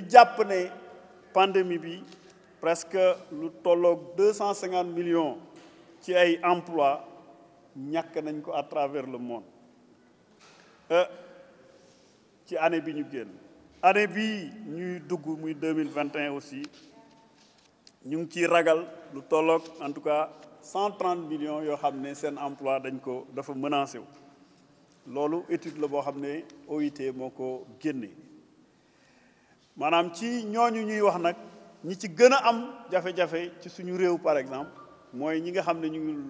ñu japp né pandémie bi presque lu tolok 250 millions ci ay emploi ñak nañ ko à travers le monde euh, ci année bi ñu génn année bi ñuy dugg muy 2021 aussi ñu ngi ciy ragal lu tolok en tout cas 130 millions yo xamné sen seen emploi dañ ko dafa menacé lolu étude la boo xam OIT moko ko Madame, ci ñooñu ñuy wax nag ñi ci gën a am ci suñu par exemple mooy ñi nga xam ñu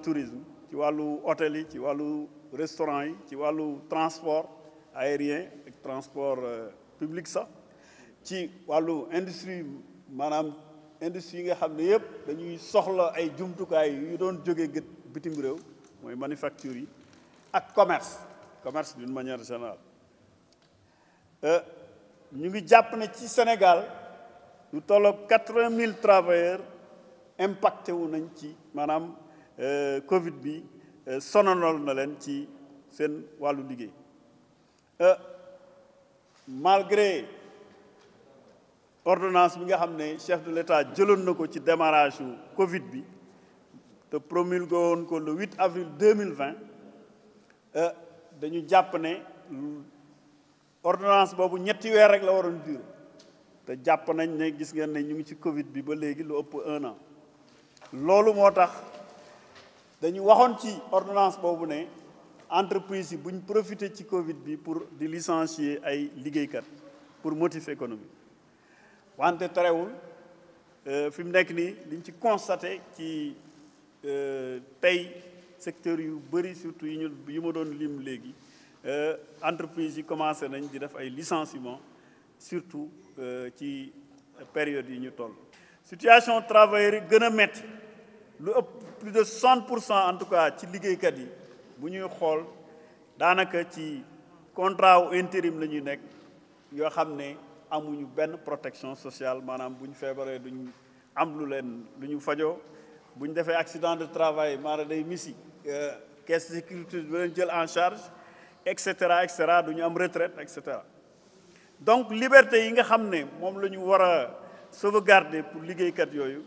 tourisme ci wàllu hôtel yi ci wàllu restaurant yi ci wàllu transport aérien ak transport euh, public sax ci wàllu industrie maanaam industrie nga xam dañuy soxla manufacture commerce commerce d'une manière générale euh, nous avons dit au Sénégal, nous avons 80 000 travailleurs impactés par la COVID-19 et euh, que nous avons dit Malgré l'ordonnance que chef de l'État a au démarrage de la COVID-19, le 8 avril 2020, nous avons dit ordonnance boobu ñetti weer rek la waroon durer te jàpp nañ ne gis ngeen ne ñu ngi ci Covid bi ba léegi lu ëpp un an loolu moo tax dañu waxoon ci ordonnance boobu ne entreprise yi buñ profité ci Covid bi pour di licencier ay liggéeykat pour motif économique wante terewul euh, fi mu nekk nii liñ ci constaté ci euh, tey secteur yu bëri surtout yi ñu yi ma doon lim léegi. Euh, entreprise yi commencé nañ di def ay licenciement surtout euh, ci période yi ñu toll situation travailleurs gëna gën lu ëpp plus de 60 pour cent en tout cas ci kat yi bu ñuy xool daanaka ci contrat ou intérim la ñuy nekk yoo xam ne amuñu benn protection sociale maanaam buñ ñu feebaree duñ am lu leen lu ñu fajoo bu defee accident de travail maanaam day misi euh, caisse sécurité bi leen jël en charge Etcetera, etcetera, et cetera du ñu am retraite etc. donc liberté yi nga la liberté, sauvegarder pour liggéeykat yooyu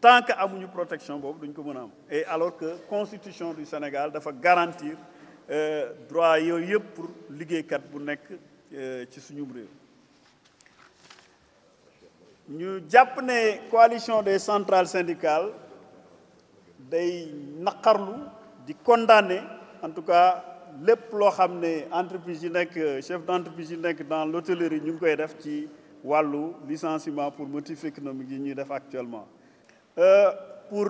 tant que amuñu protection boobu duñ ko et alors que constitution du Sénégal dafa garantir euh, droit yooyu yëpp pour liggéeykat bu nek euh, ci suñu réew ñu coalition des centrales syndicales day nakarlu di condamner en tout cas lépp loo xam entreprise yi chef d'entreprise dans l'hôtellerie nous ñu ngi koy licenciement pour motif économique yi ñuy def actuellement. Euh, pour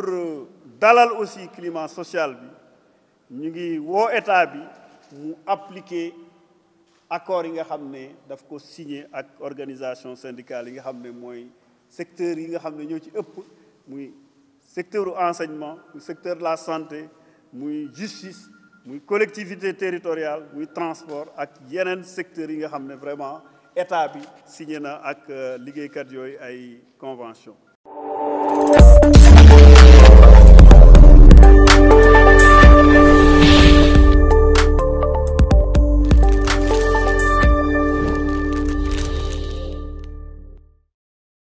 dalal aussi climat social nous ñu ngi woo état bi mu appliquer accord yi nga xam signé ak organisation syndicale yi nga secteur yi nga xam secteur enseignement secteur de la santé muy justice muy collectivité territoriale les transport ak les secteurs qui nga vraiment état signé na ak euh, liggéeykat convention